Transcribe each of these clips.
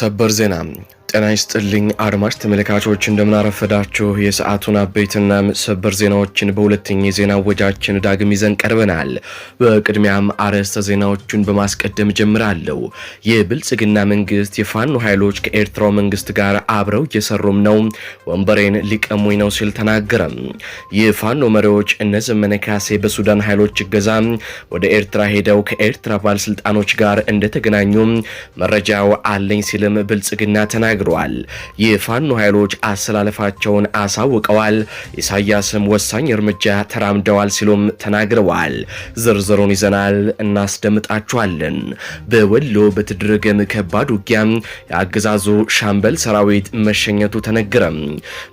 ሰበር ዜና ጤና ይስጥልኝ አድማጭ ተመልካቾች፣ እንደምናረፈዳችሁ የሰዓቱን አበይትና ሰበር ዜናዎችን በሁለተኛ የዜና ወጃችን ዳግም ይዘን ቀርበናል። በቅድሚያም አርዕስተ ዜናዎቹን በማስቀደም ጀምራለሁ። የብልጽግና መንግስት የፋኖ ኃይሎች ከኤርትራው መንግስት ጋር አብረው እየሰሩም ነው፣ ወንበሬን ሊቀሙኝ ነው ሲል ተናገረም። የፋኖ መሪዎች እነ ዘመነ ካሴ በሱዳን ኃይሎች እገዛ ወደ ኤርትራ ሄደው ከኤርትራ ባለስልጣኖች ጋር እንደተገናኙ መረጃው አለኝ ሲልም ብልጽግና ተናገ ተነግረዋል። የፋኖ ኃይሎች አሰላለፋቸውን አሳውቀዋል። ኢሳያስም ወሳኝ እርምጃ ተራምደዋል ሲሉም ተናግረዋል። ዝርዝሩን ይዘናል እናስደምጣችኋለን። በወሎ በተደረገም ከባድ ውጊያም የአገዛዙ ሻምበል ሰራዊት መሸኘቱ ተነገረም።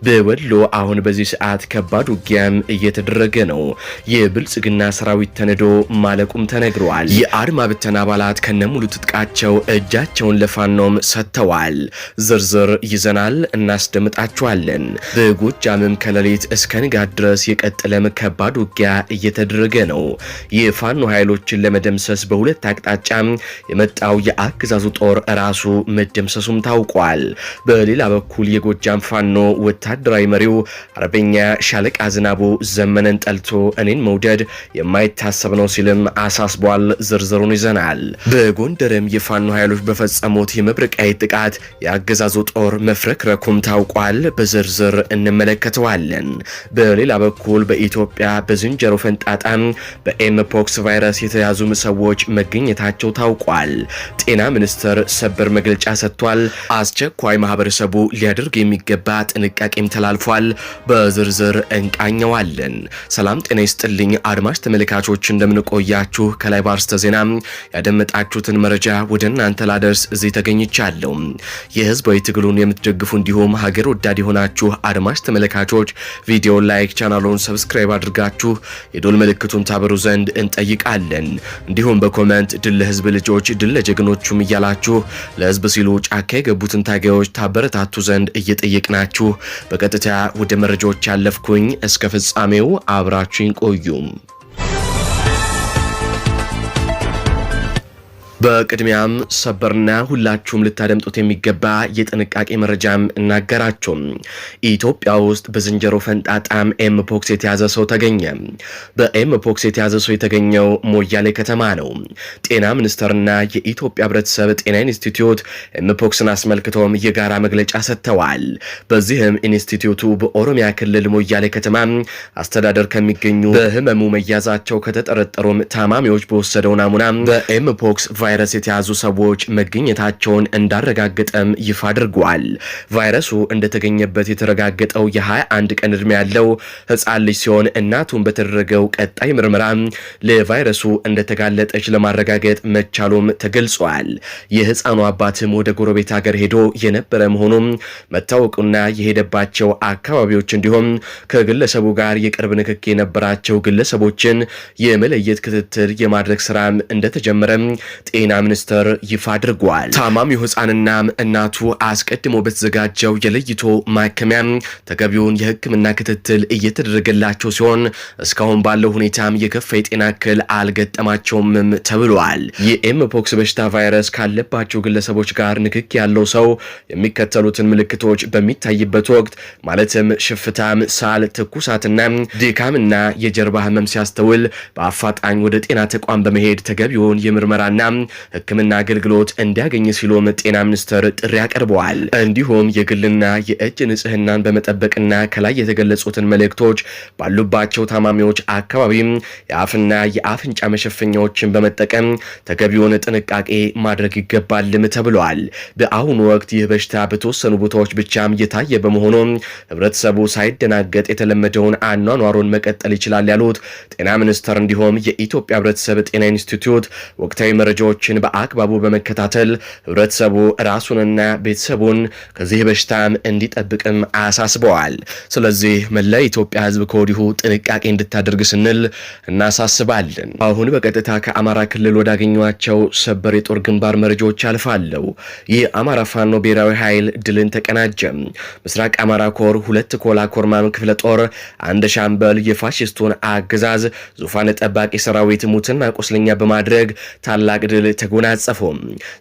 በወሎ አሁን በዚህ ሰዓት ከባድ ውጊያም እየተደረገ ነው። የብልጽግና ሰራዊት ተነዶ ማለቁም ተነግረዋል። የአድማ ብተና አባላት ከነሙሉ ትጥቃቸው እጃቸውን ለፋኖም ሰጥተዋል። ዝርዝር ይዘናል እናስደምጣችኋለን። በጎጃምም ከሌሊት እስከ ንጋት ድረስ የቀጠለም ከባድ ውጊያ እየተደረገ ነው። የፋኖ ኃይሎችን ለመደምሰስ በሁለት አቅጣጫ የመጣው የአገዛዙ ጦር ራሱ መደምሰሱም ታውቋል። በሌላ በኩል የጎጃም ፋኖ ወታደራዊ መሪው አርበኛ ሻለቃ ዝናቡ ዘመነን ጠልቶ እኔን መውደድ የማይታሰብ ነው ሲልም አሳስቧል። ዝርዝሩን ይዘናል። በጎንደርም የፋኖ ኃይሎች በፈጸሙት የመብረቃዊ ጥቃት የአገዛ የአገዛዙ ጦር መፍረክረኩም ታውቋል። በዝርዝር እንመለከተዋለን። በሌላ በኩል በኢትዮጵያ በዝንጀሮ ፈንጣጣ በኤምፖክስ ቫይረስ የተያዙ ሰዎች መገኘታቸው ታውቋል። ጤና ሚኒስቴር ሰበር መግለጫ ሰጥቷል። አስቸኳይ ማህበረሰቡ ሊያደርግ የሚገባ ጥንቃቄም ተላልፏል። በዝርዝር እንቃኘዋለን። ሰላም ጤና ይስጥልኝ አድማጭ ተመልካቾች እንደምንቆያችሁ ከላይ ባርስተ ዜና ያደመጣችሁትን መረጃ ወደ እናንተ ላደርስ እዚህ ተገኝቻለሁ። የህዝብ ሰላማዊ ትግሉን የምትደግፉ እንዲሁም ሀገር ወዳድ የሆናችሁ አድማጭ ተመልካቾች ቪዲዮ ላይክ፣ ቻናሉን ሰብስክራይብ አድርጋችሁ የዶል ምልክቱን ታበሩ ዘንድ እንጠይቃለን። እንዲሁም በኮመንት ድል ለህዝብ ልጆች ድል ለጀግኖቹም እያላችሁ ለህዝብ ሲሉ ጫካ የገቡትን ታጋዮች ታበረታቱ ዘንድ እየጠየቅናችሁ በቀጥታ ወደ መረጃዎች ያለፍኩኝ እስከ ፍጻሜው አብራችሁን ቆዩም። በቅድሚያም ሰበርና ሁላችሁም ልታደምጡት የሚገባ የጥንቃቄ መረጃም እናገራችሁም። ኢትዮጵያ ውስጥ በዝንጀሮ ፈንጣጣም ኤምፖክስ የተያዘ ሰው ተገኘ። በኤምፖክስ የተያዘ ሰው የተገኘው ሞያሌ ከተማ ነው። ጤና ሚኒስቴርና የኢትዮጵያ ሕብረተሰብ ጤና ኢንስቲትዩት ኤምፖክስን አስመልክቶም የጋራ መግለጫ ሰጥተዋል። በዚህም ኢንስቲትዩቱ በኦሮሚያ ክልል ሞያሌ ከተማ አስተዳደር ከሚገኙ በህመሙ መያዛቸው ከተጠረጠሩም ታማሚዎች በወሰደው ናሙና በኤምፖክስ ቫይረስ የተያዙ ሰዎች መገኘታቸውን እንዳረጋገጠም ይፋ አድርጓል። ቫይረሱ እንደተገኘበት የተረጋገጠው የ21 ቀን እድሜ ያለው ህፃን ልጅ ሲሆን እናቱን በተደረገው ቀጣይ ምርመራ ለቫይረሱ እንደተጋለጠች ለማረጋገጥ መቻሉም ተገልጿል። የህፃኑ አባትም ወደ ጎረቤት ሀገር ሄዶ የነበረ መሆኑም መታወቁና የሄደባቸው አካባቢዎች እንዲሁም ከግለሰቡ ጋር የቅርብ ንክክ የነበራቸው ግለሰቦችን የመለየት ክትትል የማድረግ ስራም እንደተጀመረም ጤና ሚኒስቴር ይፋ አድርጓል። ታማሚው ህፃንና እናቱ አስቀድሞ በተዘጋጀው የለይቶ ማከሚያ ተገቢውን የህክምና ክትትል እየተደረገላቸው ሲሆን እስካሁን ባለው ሁኔታም የከፋ የጤና እክል አልገጠማቸውምም ተብሏል። የኤምፖክስ በሽታ ቫይረስ ካለባቸው ግለሰቦች ጋር ንክክ ያለው ሰው የሚከተሉትን ምልክቶች በሚታይበት ወቅት ማለትም ሽፍታም፣ ሳል፣ ትኩሳትና ድካምና የጀርባ ህመም ሲያስተውል በአፋጣኝ ወደ ጤና ተቋም በመሄድ ተገቢውን የምርመራና ህክምና አገልግሎት እንዲያገኝ ሲሉም ጤና ሚኒስቴር ጥሪ አቅርበዋል። እንዲሁም የግልና የእጅ ንጽህናን በመጠበቅና ከላይ የተገለጹትን መልእክቶች ባሉባቸው ታማሚዎች አካባቢም የአፍና የአፍንጫ መሸፈኛዎችን በመጠቀም ተገቢውን ጥንቃቄ ማድረግ ይገባልም ተብለዋል። በአሁኑ ወቅት ይህ በሽታ በተወሰኑ ቦታዎች ብቻም እየታየ በመሆኑ ህብረተሰቡ ሳይደናገጥ የተለመደውን አኗኗሩን መቀጠል ይችላል ያሉት ጤና ሚኒስቴር እንዲሁም የኢትዮጵያ ህብረተሰብ ጤና ኢንስቲትዩት ወቅታዊ መረጃዎች መረጃዎችን በአግባቡ በመከታተል ህብረተሰቡ ራሱንና ቤተሰቡን ከዚህ በሽታም እንዲጠብቅም አሳስበዋል። ስለዚህ መላ የኢትዮጵያ ህዝብ ከወዲሁ ጥንቃቄ እንድታደርግ ስንል እናሳስባለን። አሁን በቀጥታ ከአማራ ክልል ወዳገኟቸው ሰበር የጦር ግንባር መረጃዎች አልፋለሁ። ይህ አማራ ፋኖ ብሔራዊ ኃይል ድልን ተቀናጀም። ምስራቅ አማራ ኮር ሁለት ኮላ ኮርማም ክፍለ ጦር አንድ ሻምበል የፋሽስቱን አገዛዝ ዙፋን ጠባቂ ሰራዊት ሙትና ቁስለኛ በማድረግ ታላቅ ድል ተጎናጸፉ።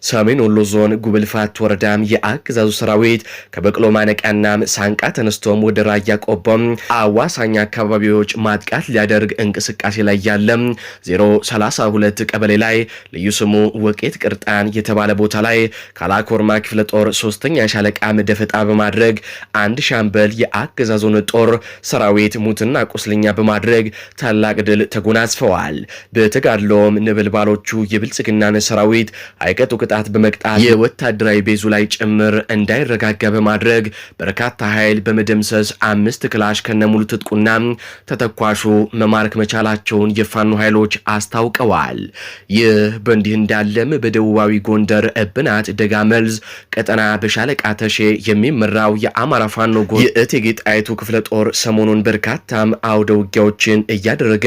ሰሜን ወሎ ዞን ጉብልፋት ወረዳም የአገዛዙ ሰራዊት ከበቅሎ ማነቂያና ሳንቃ ተነስቶም ወደ ራያ ቆቦም አዋሳኝ አካባቢዎች ማጥቃት ሊያደርግ እንቅስቃሴ ላይ ያለ 032 ቀበሌ ላይ ልዩ ስሙ ወቄት ቅርጣን የተባለ ቦታ ላይ ካላኮርማ ክፍለ ጦር ሶስተኛ ሻለቃ ደፈጣ በማድረግ አንድ ሻምበል የአገዛዙን ጦር ሰራዊት ሙትና ቁስለኛ በማድረግ ታላቅ ድል ተጎናጽፈዋል። በተጋድሎም ነበልባሎቹ የብልጽግናን የሆነ ሰራዊት አይቀጡ ቅጣት በመቅጣት የወታደራዊ ቤዙ ላይ ጭምር እንዳይረጋጋ በማድረግ በርካታ ኃይል በመደምሰስ አምስት ክላሽ ከነሙሉ ትጥቁና ተተኳሹ መማረክ መቻላቸውን የፋኑ ኃይሎች አስታውቀዋል። ይህ በእንዲህ እንዳለም በደቡባዊ ጎንደር እብናት ደጋ መልዝ ቀጠና በሻለቃ ተሼ የሚመራው የአማራ ፋኖ ጎ የእቴጌ ጣይቱ ክፍለ ጦር ሰሞኑን በርካታም አውደ ውጊያዎችን እያደረገ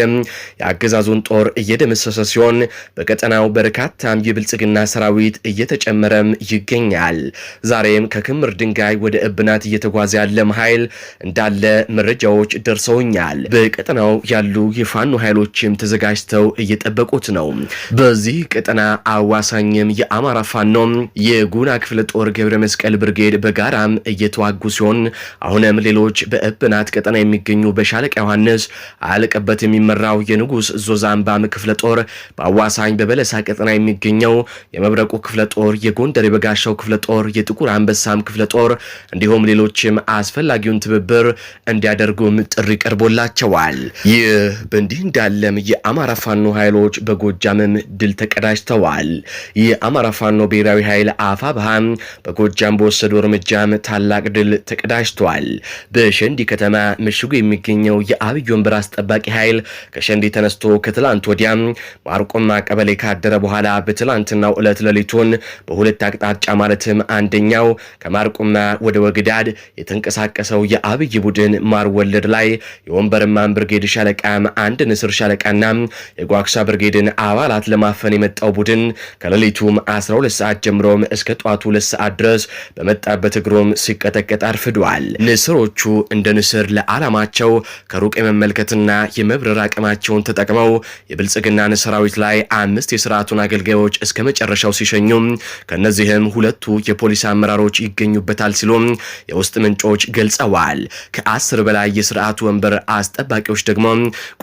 የአገዛዙን ጦር እየደመሰሰ ሲሆን በቀጠናው በርካታ የሚያታም የብልጽግና ሰራዊት እየተጨመረም ይገኛል። ዛሬም ከክምር ድንጋይ ወደ እብናት እየተጓዘ ያለም ኃይል እንዳለ መረጃዎች ደርሰውኛል። በቀጠናው ያሉ የፋኖ ኃይሎችም ተዘጋጅተው እየጠበቁት ነው። በዚህ ቀጠና አዋሳኝም የአማራ ፋኖም የጉና ክፍለ ጦር ገብረ መስቀል ብርጌድ በጋራም እየተዋጉ ሲሆን አሁንም ሌሎች በእብናት ቀጠና የሚገኙ በሻለቃ ዮሐንስ አለቀበት የሚመራው የንጉስ ዞዛምባም ክፍለ ጦር በአዋሳኝ በበለሳ ቀጠና የሚገኘው የመብረቁ ክፍለ ጦር፣ የጎንደር የበጋሻው ክፍለ ጦር፣ የጥቁር አንበሳም ክፍለ ጦር እንዲሁም ሌሎችም አስፈላጊውን ትብብር እንዲያደርጉም ጥሪ ቀርቦላቸዋል። ይህ በእንዲህ እንዳለም የአማራ ፋኖ ኃይሎች በጎጃምም ድል ተቀዳጅተዋል። የአማራ ፋኖ ብሔራዊ ኃይል አፋ ብሃም በጎጃም በወሰዱ እርምጃም ታላቅ ድል ተቀዳጅቷል። በሸንዲ ከተማ ምሽጉ የሚገኘው የአብይ ወንበር አስጠባቂ ኃይል ከሸንዲ ተነስቶ ከትላንት ወዲያም ማርቆማ ቀበሌ ካደረ በኋላ በትላንትናው ዕለት ሌሊቱን በሁለት አቅጣጫ ማለትም አንደኛው ከማርቁና ወደ ወግዳድ የተንቀሳቀሰው የአብይ ቡድን ማር ወለድ ላይ የወንበርማን ብርጌድ ሻለቃም አንድ ንስር ሻለቃና የጓክሳ ብርጌድን አባላት ለማፈን የመጣው ቡድን ከሌሊቱም 12 ሰዓት ጀምሮም እስከ ጠዋቱ 2 ሰዓት ድረስ በመጣበት እግሮም ሲቀጠቀጥ አርፍዷል። ንስሮቹ እንደ ንስር ለዓላማቸው ከሩቅ የመመልከትና የመብረር አቅማቸውን ተጠቅመው የብልጽግናን ሰራዊት ላይ አምስት የስርዓቱን አገልግሎት አገልጋዮች እስከ መጨረሻው ሲሸኙ ከእነዚህም ሁለቱ የፖሊስ አመራሮች ይገኙበታል ሲሉ የውስጥ ምንጮች ገልጸዋል። ከአስር በላይ የስርዓቱ ወንበር አስጠባቂዎች ደግሞ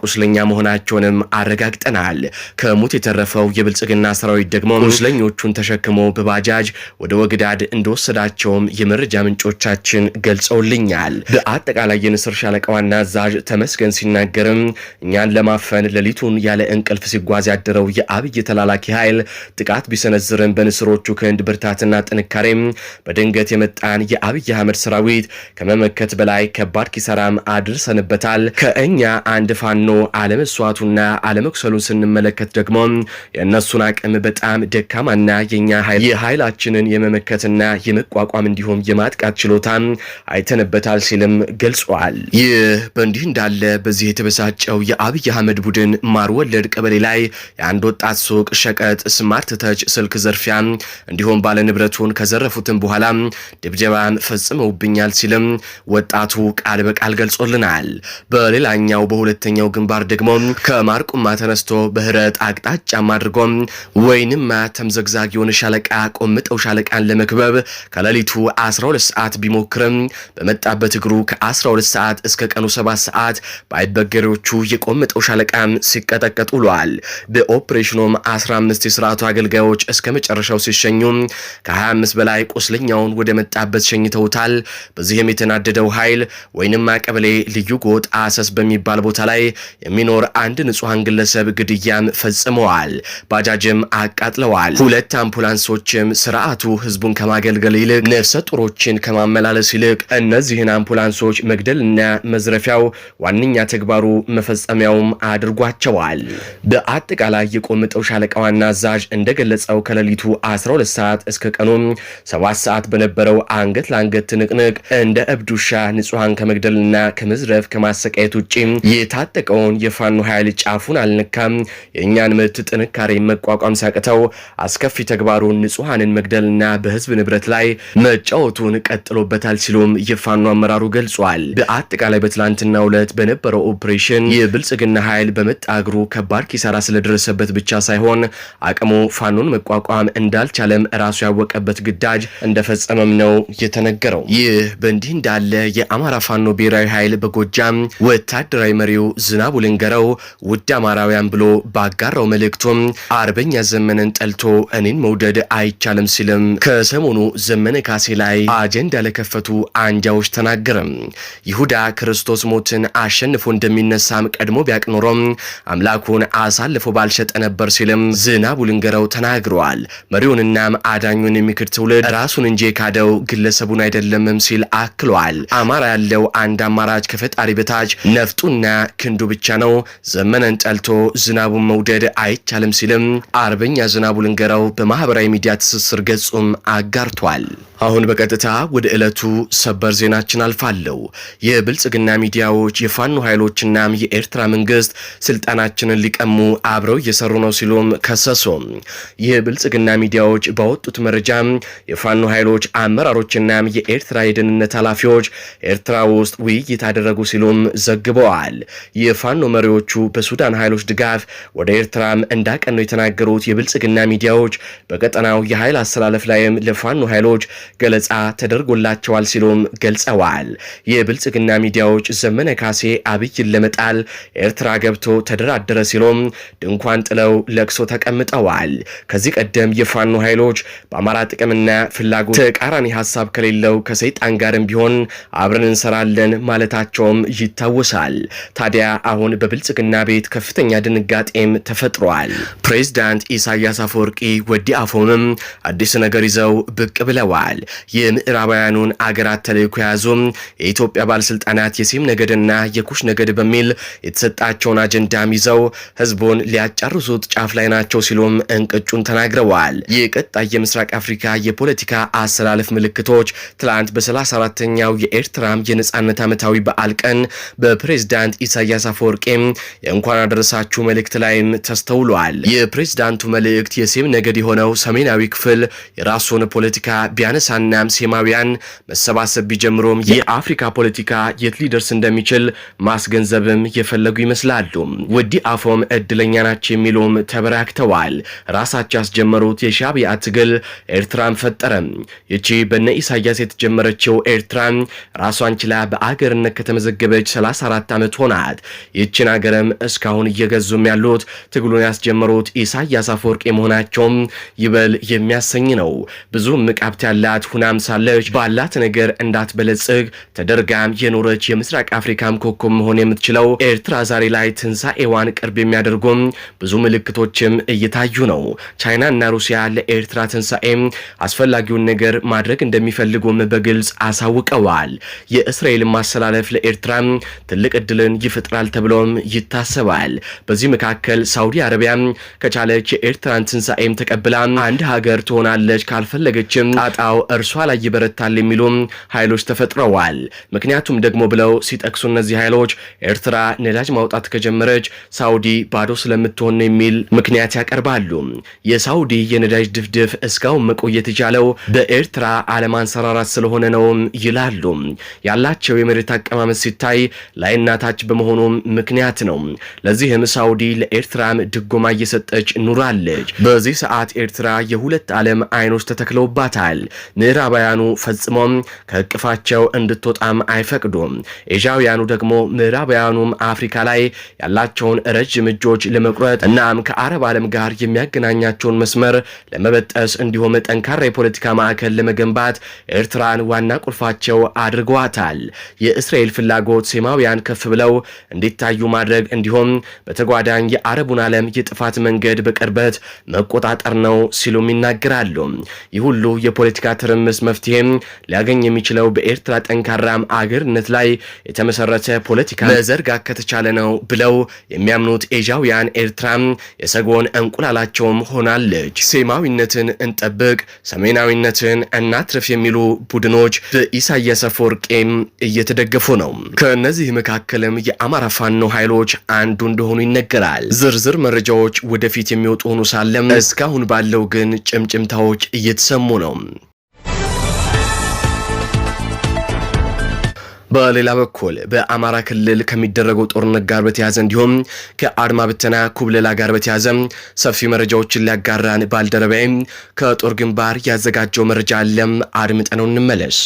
ቁስለኛ መሆናቸውንም አረጋግጠናል። ከሙት የተረፈው የብልጽግና ሰራዊት ደግሞ ቁስለኞቹን ተሸክሞ በባጃጅ ወደ ወግዳድ እንደወሰዳቸውም የመረጃ ምንጮቻችን ገልጸውልኛል። በአጠቃላይ የንስር ሻለቃ ዋና አዛዥ ተመስገን ሲናገርም እኛን ለማፈን ሌሊቱን ያለ እንቅልፍ ሲጓዝ ያደረው የአብይ ተላላኪ ኃይል ኃይል ጥቃት ቢሰነዝርም በንስሮቹ ክንድ ብርታትና ጥንካሬም በድንገት የመጣን የአብይ አህመድ ሰራዊት ከመመከት በላይ ከባድ ኪሳራም አድርሰንበታል። ከእኛ አንድ ፋኖ አለመስዋቱና አለመቁሰሉን ስንመለከት ደግሞ የእነሱን አቅም በጣም ደካማና የኛ ኃይል የኃይላችንን የመመከትና የመቋቋም እንዲሁም የማጥቃት ችሎታ አይተንበታል ሲልም ገልጿል። ይህ በእንዲህ እንዳለ በዚህ የተበሳጨው የአብይ አህመድ ቡድን ማር ወለድ ቀበሌ ላይ የአንድ ወጣት ሱቅ ሸቀጥ በመጋለጥ ስማርት ተች ስልክ ዘርፊያ እንዲሁም ባለንብረቱን ከዘረፉትም በኋላ ድብደባን ፈጽመውብኛል ሲልም ወጣቱ ቃል በቃል ገልጾልናል። በሌላኛው በሁለተኛው ግንባር ደግሞ ከማርቁማ ተነስቶ በህረት አቅጣጫም አድርጎ ወይንማ ተምዘግዛጊውን ሻለቃ ቆምጠው ሻለቃን ለመክበብ ከሌሊቱ 12 ሰዓት ቢሞክርም በመጣበት እግሩ ከ12 ሰዓት እስከ ቀኑ 7 ሰዓት በአይበገሬዎቹ የቆምጠው ሻለቃ ሲቀጠቀጥ ውሏል። በኦፕሬሽኑም 15 የስርዓቱ አገልጋዮች እስከ መጨረሻው ሲሸኙ ከ25 በላይ ቁስለኛውን ወደ መጣበት ሸኝተውታል። በዚህም የተናደደው ኃይል ወይንም ቀበሌ ልዩ ጎጥ አሰስ በሚባል ቦታ ላይ የሚኖር አንድ ንጹሐን ግለሰብ ግድያም ፈጽመዋል። ባጃጅም አቃጥለዋል። ሁለት አምቡላንሶችም ስርዓቱ ህዝቡን ከማገልገል ይልቅ ነፍሰ ጡሮችን ከማመላለስ ይልቅ እነዚህን አምቡላንሶች መግደልና መዝረፊያው ዋነኛ ተግባሩ መፈጸሚያውም አድርጓቸዋል። በአጠቃላይ የቆምጠው ሻለቃ ዋና አዛዥ እንደገለጸው ከሌሊቱ 12 ሰዓት እስከ ቀኑ 7 ሰዓት በነበረው አንገት ለአንገት ትንቅንቅ እንደ እብድ ውሻ ንጹሐን ከመግደልና ከመዝረፍ ከማሰቃየት ውጭ የታጠቀውን የፋኖ ኃይል ጫፉን አልነካም። የእኛን ምት ጥንካሬ መቋቋም ሲያቅተው አስከፊ ተግባሩን ንጹሐንን መግደልና በህዝብ ንብረት ላይ መጫወቱን ቀጥሎበታል ሲሉም የፋኖ አመራሩ ገልጿል። በአጠቃላይ በትላንትናው ዕለት በነበረው ኦፕሬሽን የብልጽግና ኃይል በመጣ እግሩ ከባድ ኪሳራ ስለደረሰበት ብቻ ሳይሆን አቅሙ ፋኖን መቋቋም እንዳልቻለም ራሱ ያወቀበት ግዳጅ እንደፈጸመም ነው የተነገረው። ይህ በእንዲህ እንዳለ የአማራ ፋኖ ብሔራዊ ኃይል በጎጃም ወታደራዊ መሪው ዝናቡ ልንገረው ውድ አማራውያን ብሎ ባጋራው መልእክቱም አርበኛ ዘመነን ጠልቶ እኔን መውደድ አይቻልም ሲልም ከሰሞኑ ዘመነ ካሴ ላይ አጀንዳ ለከፈቱ አንጃዎች ተናገረም። ይሁዳ ክርስቶስ ሞትን አሸንፎ እንደሚነሳም ቀድሞ ቢያቅ አምላኩን አሳልፎ ባልሸጠ ነበር ሲልም ዝና ዜና ቡልንገረው ተናግረዋል። መሪውንና አዳኙን የሚክድ ትውልድ ራሱን እንጂ የካደው ግለሰቡን አይደለምም ሲል አክሏል። አማራ ያለው አንድ አማራጭ ከፈጣሪ በታች ነፍጡና ክንዱ ብቻ ነው። ዘመነን ጠልቶ ዝናቡን መውደድ አይቻልም ሲልም አርበኛ ዝናቡ ልንገረው በማህበራዊ ሚዲያ ትስስር ገጹም አጋርቷል። አሁን በቀጥታ ወደ ዕለቱ ሰበር ዜናችን አልፋለሁ። የብልጽግና ሚዲያዎች የፋኖ ኃይሎችናም የኤርትራ መንግስት ስልጣናችንን ሊቀሙ አብረው እየሰሩ ነው ሲሉም ከሰሱ። ደረሱ። ይህ ብልጽግና ሚዲያዎች በወጡት መረጃ የፋኖ ኃይሎች አመራሮችና የኤርትራ የደህንነት ኃላፊዎች ኤርትራ ውስጥ ውይይት አደረጉ ሲሉም ዘግበዋል። የፋኖ መሪዎቹ በሱዳን ኃይሎች ድጋፍ ወደ ኤርትራም እንዳቀኑ የተናገሩት የብልጽግና ሚዲያዎች በቀጠናው የኃይል አሰላለፍ ላይም ለፋኖ ኃይሎች ገለጻ ተደርጎላቸዋል ሲሉም ገልጸዋል። የብልጽግና ሚዲያዎች ዘመነ ካሴ አብይን ለመጣል ኤርትራ ገብቶ ተደራደረ ሲሉም ድንኳን ጥለው ለቅሶ ተቀምጠ ገልጠዋል። ከዚህ ቀደም የፋኖ ኃይሎች በአማራ ጥቅምና ፍላጎት ተቃራኒ ሀሳብ ከሌለው ከሰይጣን ጋርም ቢሆን አብረን እንሰራለን ማለታቸውም ይታወሳል። ታዲያ አሁን በብልጽግና ቤት ከፍተኛ ድንጋጤም ተፈጥሯል። ፕሬዚዳንት ኢሳያስ አፈወርቂ ወዲ አፎምም አዲስ ነገር ይዘው ብቅ ብለዋል። የምዕራባውያኑን አገራት ተለይኮ የያዙም የኢትዮጵያ ባለስልጣናት የሴም ነገድና የኩሽ ነገድ በሚል የተሰጣቸውን አጀንዳም ይዘው ህዝቡን ሊያጫርሱት ጫፍ ላይ ናቸው ሲሉ ሲሉም እንቅጩን ተናግረዋል። የቀጣይ የምስራቅ አፍሪካ የፖለቲካ አሰላለፍ ምልክቶች ትላንት በ34ኛው የኤርትራም የነጻነት ዓመታዊ በዓል ቀን በፕሬዝዳንት ኢሳያስ አፈወርቄም የእንኳን አደረሳችሁ መልእክት ላይም ተስተውሏል። የፕሬዝዳንቱ መልእክት የሴም ነገድ የሆነው ሰሜናዊ ክፍል የራሱን ፖለቲካ ቢያነሳናም ሴማውያን መሰባሰብ ቢጀምሮም የአፍሪካ ፖለቲካ የት ሊደርስ እንደሚችል ማስገንዘብም የፈለጉ ይመስላሉ። ወዲ አፎም እድለኛ ናቸው የሚሉም ተበራክተዋል። ተናግረዋል። ራሳቸው ያስጀመሩት የሻቢያ ትግል ኤርትራን ፈጠረም። ይቺ በነ ኢሳያስ የተጀመረችው ኤርትራ ራሷን ችላ በአገርነት ከተመዘገበች 34 ዓመት ሆናት። ይችን አገርም እስካሁን እየገዙም ያሉት ትግሉን ያስጀመሩት ኢሳያስ አፈወርቅ መሆናቸውም ይበል የሚያሰኝ ነው። ብዙ ምቃብት ያላት ሁናም ሳለች ባላት ነገር እንዳትበለጽግ ተደርጋም የኖረች የምስራቅ አፍሪካም ኮከብ መሆን የምትችለው ኤርትራ ዛሬ ላይ ትንሣኤዋን ቅርብ የሚያደርጉም ብዙ ምልክቶችም እይታ እየታዩ ነው። ቻይና እና ሩሲያ ለኤርትራ ትንሣኤም አስፈላጊውን ነገር ማድረግ እንደሚፈልጉም በግልጽ አሳውቀዋል። የእስራኤል ማሰላለፍ ለኤርትራ ትልቅ እድልን ይፈጥራል ተብሎም ይታሰባል። በዚህ መካከል ሳውዲ አረቢያ ከቻለች የኤርትራን ትንሣኤም ተቀብላ አንድ ሀገር ትሆናለች፣ ካልፈለገችም ጣጣው እርሷ ላይ ይበረታል የሚሉ ኃይሎች ተፈጥረዋል። ምክንያቱም ደግሞ ብለው ሲጠቅሱ እነዚህ ኃይሎች ኤርትራ ነዳጅ ማውጣት ከጀመረች ሳውዲ ባዶ ስለምትሆን የሚል ምክንያት ያቀርባል። ይቀርባሉ። የሳውዲ የነዳጅ ድፍድፍ እስካሁን መቆየት የቻለው በኤርትራ አንሰራራት ስለሆነ ነው ይላሉ። ያላቸው የመሬት አቀማመጥ ሲታይ ላይና ታች በመሆኑ ምክንያት ነው። ለዚህም ሳውዲ ለኤርትራም ድጎማ እየሰጠች ኑራለች። በዚህ ሰዓት ኤርትራ የሁለት ዓለም አይኖች ተተክለውባታል። ምዕራባውያኑ ፈጽሞም ከእቅፋቸው እንድትወጣም አይፈቅዱም። ኤዣውያኑ ደግሞ ምዕራባውያኑም አፍሪካ ላይ ያላቸውን ረጅም እጆች ለመቁረጥ እናም ከአረብ ዓለም ጋር የሚያገናኛቸውን መስመር ለመበጠስ እንዲሁም ጠንካራ የፖለቲካ ማዕከል ለመገንባት ኤርትራን ዋና ቁልፋቸው አድርገዋታል። የእስራኤል ፍላጎት ሴማውያን ከፍ ብለው እንዲታዩ ማድረግ እንዲሁም በተጓዳኝ የአረቡን ዓለም የጥፋት መንገድ በቅርበት መቆጣጠር ነው ሲሉም ይናገራሉ። ይህ ሁሉ የፖለቲካ ትርምስ መፍትሄም ሊያገኝ የሚችለው በኤርትራ ጠንካራም አገርነት ላይ የተመሰረተ ፖለቲካ መዘርጋት ከተቻለ ነው ብለው የሚያምኑት ኤዣውያን ኤርትራም የሰጎን እንቁ እንቁላላቸውም ሆናለች። ሴማዊነትን እንጠብቅ፣ ሰሜናዊነትን እናትረፍ የሚሉ ቡድኖች በኢሳያስ አፈወርቄም እየተደገፉ ነው። ከእነዚህ መካከልም የአማራ ፋኖ ኃይሎች አንዱ እንደሆኑ ይነገራል። ዝርዝር መረጃዎች ወደፊት የሚወጡ ሆኑ ሳለም እስካሁን ባለው ግን ጭምጭምታዎች እየተሰሙ ነው። በሌላ በኩል በአማራ ክልል ከሚደረገው ጦርነት ጋር በተያዘ እንዲሁም ከአድማ ብተና ኩብለላ ጋር በተያዘ ሰፊ መረጃዎችን ሊያጋራን ባልደረባይም ከጦር ግንባር ያዘጋጀው መረጃ አለም አድምጠነው እንመለስ።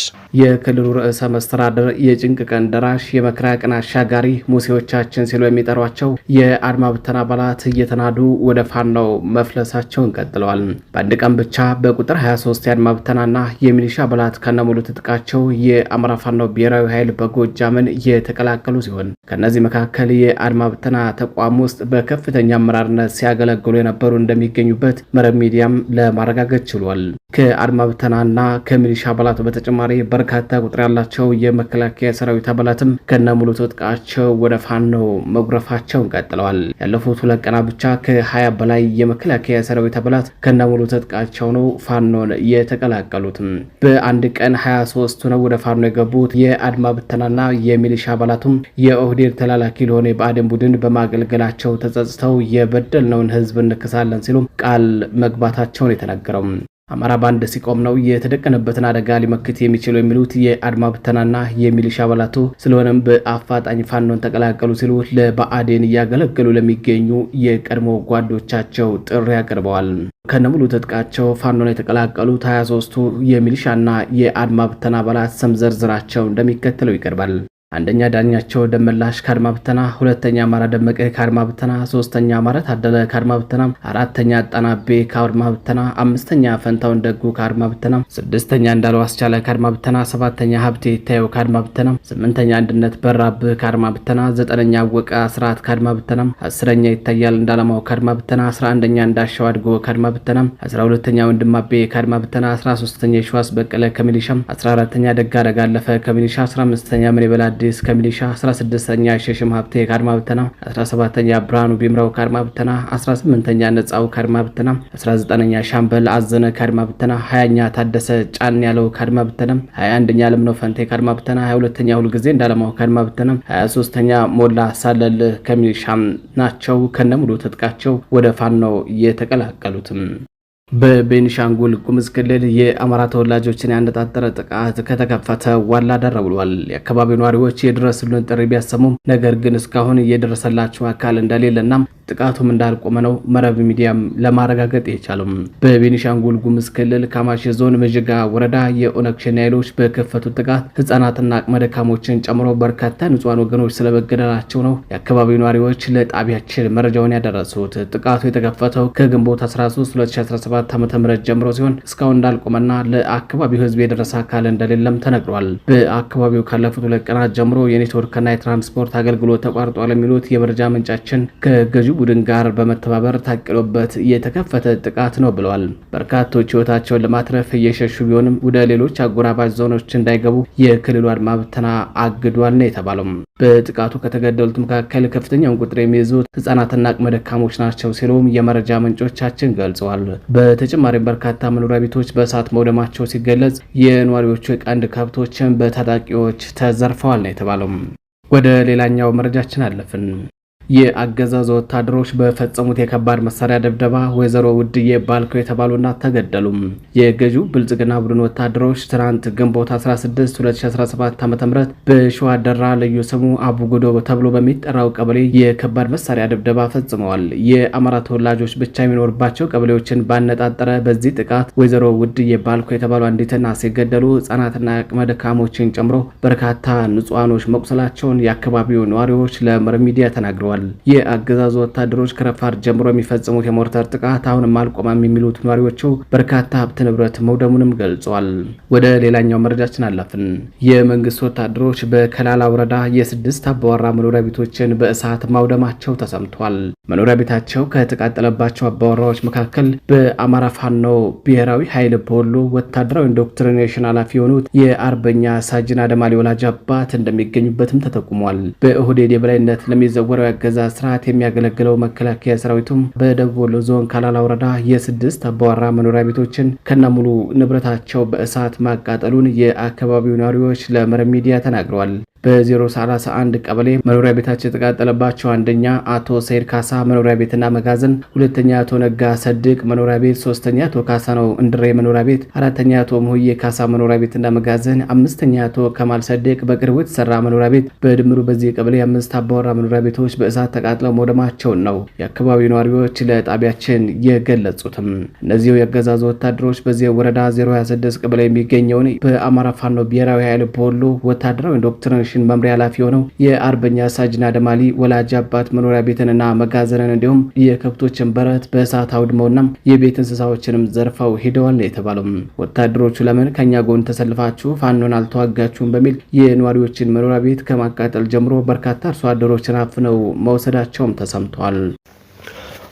የክልሉ ርዕሰ መስተዳደር የጭንቅ ቀን ደራሽ የመከራ ቀን አሻጋሪ ሙሴዎቻችን ሲሉ የሚጠሯቸው የአድማ ብተና አባላት እየተናዱ ወደ ፋናው መፍለሳቸውን ቀጥለዋል። በአንድ ቀን ብቻ በቁጥር 23 የአድማ ብተናና የሚሊሻ አባላት ከነሙሉ ትጥቃቸው የአማራ ፋናው ብሔራዊ ኃይል በጎጃምን የተቀላቀሉ ሲሆን ከእነዚህ መካከል የአድማ ብተና ተቋም ውስጥ በከፍተኛ አመራርነት ሲያገለግሉ የነበሩ እንደሚገኙበት መረብ ሚዲያም ለማረጋገጥ ችሏል። ከአድማ ብተናና ከሚሊሻ አባላቱ በተጨማሪ በርካታ ቁጥር ያላቸው የመከላከያ ሰራዊት አባላትም ከነሙሉ ትጥቃቸው ወደ ፋኖ መጉረፋቸውን ቀጥለዋል። ያለፉት ሁለት ቀናት ብቻ ከሀያ በላይ የመከላከያ ሰራዊት አባላት ከነሙሉ ትጥቃቸው ነው ፋኖን የተቀላቀሉትም። በአንድ ቀን 23 ነው ወደ ፋኖ የገቡት የአድማ ብተናና የሚሊሻ አባላቱም የኦህዴድ ተላላኪ ለሆነ የብአዴን ቡድን በማገልገላቸው ተጸጽተው የበደልነውን ህዝብ እንክሳለን ሲሉ ቃል መግባታቸውን የተነገረው አማራ ባንድ ሲቆም ነው የተደቀነበትን አደጋ ሊመክት የሚችሉ የሚሉት የአድማ ብተናና የሚሊሻ አባላቱ ስለሆነም በአፋጣኝ ፋኖን ተቀላቀሉ ሲሉ ለብአዴን እያገለገሉ ለሚገኙ የቀድሞ ጓዶቻቸው ጥሪ አቅርበዋል። ከነሙሉ ትጥቃቸው ፋኖን የተቀላቀሉት 23ቱ የሚሊሻና የአድማ ብተና አባላት ስም ዝርዝራቸው እንደሚከተለው ይቀርባል። አንደኛ ዳኛቸው ደመላሽ ከአድማ ብተና፣ ሁለተኛ አማራ ደመቀ ከአድማ ብተና፣ ሶስተኛ አማራ ታደለ ከአድማ ብተና፣ አራተኛ ጣናቤ ከአድማ ብተና፣ አምስተኛ ፈንታውን ደጉ ከአድማ ብተና፣ ስድስተኛ እንዳለው አስቻለ ከአድማ ብተና፣ ሰባተኛ ሀብቴ ይታየው ከአድማ ብተና፣ ስምንተኛ አንድነት በራብህ ከአድማ ብተና፣ ዘጠነኛ አወቀ ስርዓት ከአድማ ብተና፣ አስረኛ ይታያል እንዳለማው ከአድማ ብተና፣ አስራ አንደኛ እንዳሻው አድጎ ከአድማ ብተና፣ አስራ ሁለተኛ ወንድማቤ ከአድማ ብተና፣ አስራ ሶስተኛ የሸዋስ በቀለ ከሚሊሻ፣ አስራ አራተኛ ደጋ ረጋለፈ ከሚሊሻ፣ አስራ አምስተኛ ምን ይበላል አዲስ ከሚሊሻ 16ኛ ሸሽም ሀብቴ ከአድማ ብተና 17ኛ ብርሃኑ ቢምራው ከአድማ ብተና 18ኛ ነጻው ከአድማ ብተና 19ኛ ሻምበል አዘነ ከአድማ ብተና 20ኛ ታደሰ ጫን ያለው ከአድማ ብተና 21ኛ አለምነው ፈንቴ ከአድማ ብተና 22ኛ ሁልጊዜ እንዳለማው ከአድማ ብተና 23ኛ ሞላ ሳለል ከሚሊሻ ናቸው ከነሙሉ ትጥቃቸው ወደ ፋኖ እየተቀላቀሉትም በቤኒሻንጉል ጉምዝ ክልል የአማራ ተወላጆችን ያነጣጠረ ጥቃት ከተከፈተ ዋላ ደረ ብሏል። የአካባቢው ነዋሪዎች የድረሱልን ጥሪ ቢያሰሙም ነገር ግን እስካሁን እየደረሰላቸው አካል እንደሌለና ጥቃቱም እንዳልቆመ ነው መረብ ሚዲያም ለማረጋገጥ የቻሉም። በቤኒሻንጉል ጉምዝ ክልል ካማሽ ዞን ምዥጋ ወረዳ የኦነግ ሸኔ ኃይሎች በከፈቱት ጥቃት ህጻናትና አቅመ ደካሞችን ጨምሮ በርካታ ንጹሐን ወገኖች ስለመገደላቸው ነው የአካባቢው ነዋሪዎች ለጣቢያችን መረጃውን ያደረሱት። ጥቃቱ የተከፈተው ከግንቦት 13 2017 2014 ዓ.ም ጀምሮ ሲሆን እስካሁን እንዳልቆመና ለአካባቢው ህዝብ የደረሰ አካል እንደሌለም ተነግሯል። በአካባቢው ካለፉት ሁለት ቀናት ጀምሮ የኔትወርክና የትራንስፖርት አገልግሎት ተቋርጧል የሚሉት የመረጃ ምንጫችን ከገዢው ቡድን ጋር በመተባበር ታቅሎበት የተከፈተ ጥቃት ነው ብለዋል። በርካቶች ህይወታቸውን ለማትረፍ እየሸሹ ቢሆንም ወደ ሌሎች አጎራባች ዞኖች እንዳይገቡ የክልሉ አድማ ብተና አግዷል ነው የተባለው። በጥቃቱ ከተገደሉት መካከል ከፍተኛውን ቁጥር የሚይዙት ህጻናትና አቅመ ደካሞች ናቸው ሲሉም የመረጃ ምንጮቻችን ገልጸዋል። በተጨማሪም በርካታ መኖሪያ ቤቶች በእሳት መውደማቸው ሲገለጽ የነዋሪዎቹ የቀንድ ከብቶችን በታጣቂዎች ተዘርፈዋል ነው የተባለው። ወደ ሌላኛው መረጃችን አለፍን። የአገዛዝ ወታደሮች በፈጸሙት የከባድ መሳሪያ ድብደባ ወይዘሮ ውድዬ ባልከው የተባሉ እናት ተገደሉም። የገዢው ብልጽግና ቡድን ወታደሮች ትናንት ግንቦት 16 2017 ዓ ም በሸዋ ደራ ልዩ ስሙ አቡጉዶ ተብሎ በሚጠራው ቀበሌ የከባድ መሳሪያ ድብደባ ፈጽመዋል። የአማራ ተወላጆች ብቻ የሚኖርባቸው ቀበሌዎችን ባነጣጠረ በዚህ ጥቃት ወይዘሮ ውድዬ ባልኮ የተባሉ አንዲት እናት ሲገደሉ፣ ህጻናትና አቅመ ደካሞችን ጨምሮ በርካታ ንጹሐኖች መቁሰላቸውን የአካባቢው ነዋሪዎች ለመርሚዲያ ተናግረዋል። ተናግረዋል። የአገዛዙ ወታደሮች ከረፋድ ጀምሮ የሚፈጽሙት የሞርተር ጥቃት አሁንም አልቆመም የሚሉት ነዋሪዎቹ በርካታ ሀብት ንብረት መውደሙንም ገልጸዋል። ወደ ሌላኛው መረጃችን አለፍን። የመንግስት ወታደሮች በከላላ ወረዳ የስድስት አባወራ መኖሪያ ቤቶችን በእሳት ማውደማቸው ተሰምቷል። መኖሪያ ቤታቸው ከተቃጠለባቸው አባወራዎች መካከል በአማራ ፋኖ ብሔራዊ ኃይል በወሎ ወታደራዊ ኢንዶክትሪኔሽን ኃላፊ የሆኑት የአርበኛ ሳጅን አደማሊ ወላጅ አባት እንደሚገኙበትም ተጠቁሟል። በኦህዴድ የበላይነት ለሚዘወረው ያገ አገዛዝ ስርዓት የሚያገለግለው መከላከያ ሰራዊቱም በደቡብ ወሎ ዞን ካላላ ወረዳ የስድስት አባወራ መኖሪያ ቤቶችን ከነሙሉ ንብረታቸው በእሳት ማቃጠሉን የአካባቢው ነዋሪዎች ለመረብ ሚዲያ ተናግረዋል። በ031 ቀበሌ መኖሪያ ቤታቸው የተቃጠለባቸው አንደኛ አቶ ሰይድ ካሳ መኖሪያ ቤትና መጋዘን፣ ሁለተኛ አቶ ነጋ ሰድቅ መኖሪያ ቤት፣ ሶስተኛ አቶ ካሳ ነው እንድሬ መኖሪያ ቤት፣ አራተኛ አቶ ሙሁዬ ካሳ መኖሪያ ቤትና መጋዘን፣ አምስተኛ አቶ ከማል ሰድቅ በቅርቡ የተሰራ መኖሪያ ቤት። በድምሩ በዚህ ቀበሌ አምስት አባወራ መኖሪያ ቤቶች በእሳት ተቃጥለው መውደማቸውን ነው የአካባቢው ነዋሪዎች ለጣቢያችን የገለጹትም። እነዚሁ የአገዛዙ ወታደሮች በዚህ ወረዳ 026 ቀበሌ የሚገኘውን በአማራ ፋኖ ብሔራዊ ኃይል በወሎ ወታደራዊ ዶክትሪን ኮሚሽን መምሪያ ኃላፊ የሆነው የአርበኛ ሳጅን ደማሊ ወላጅ አባት መኖሪያ ቤትንና መጋዘንን እንዲሁም የከብቶችን በረት በእሳት አውድመውና የቤት እንስሳዎችንም ዘርፈው ሄደዋል ነው የተባለው። ወታደሮቹ ለምን ከኛ ጎን ተሰልፋችሁ ፋኖን አልተዋጋችሁም በሚል የነዋሪዎችን መኖሪያ ቤት ከማቃጠል ጀምሮ በርካታ አርሶ አደሮችን አፍነው መውሰዳቸውም ተሰምቷል።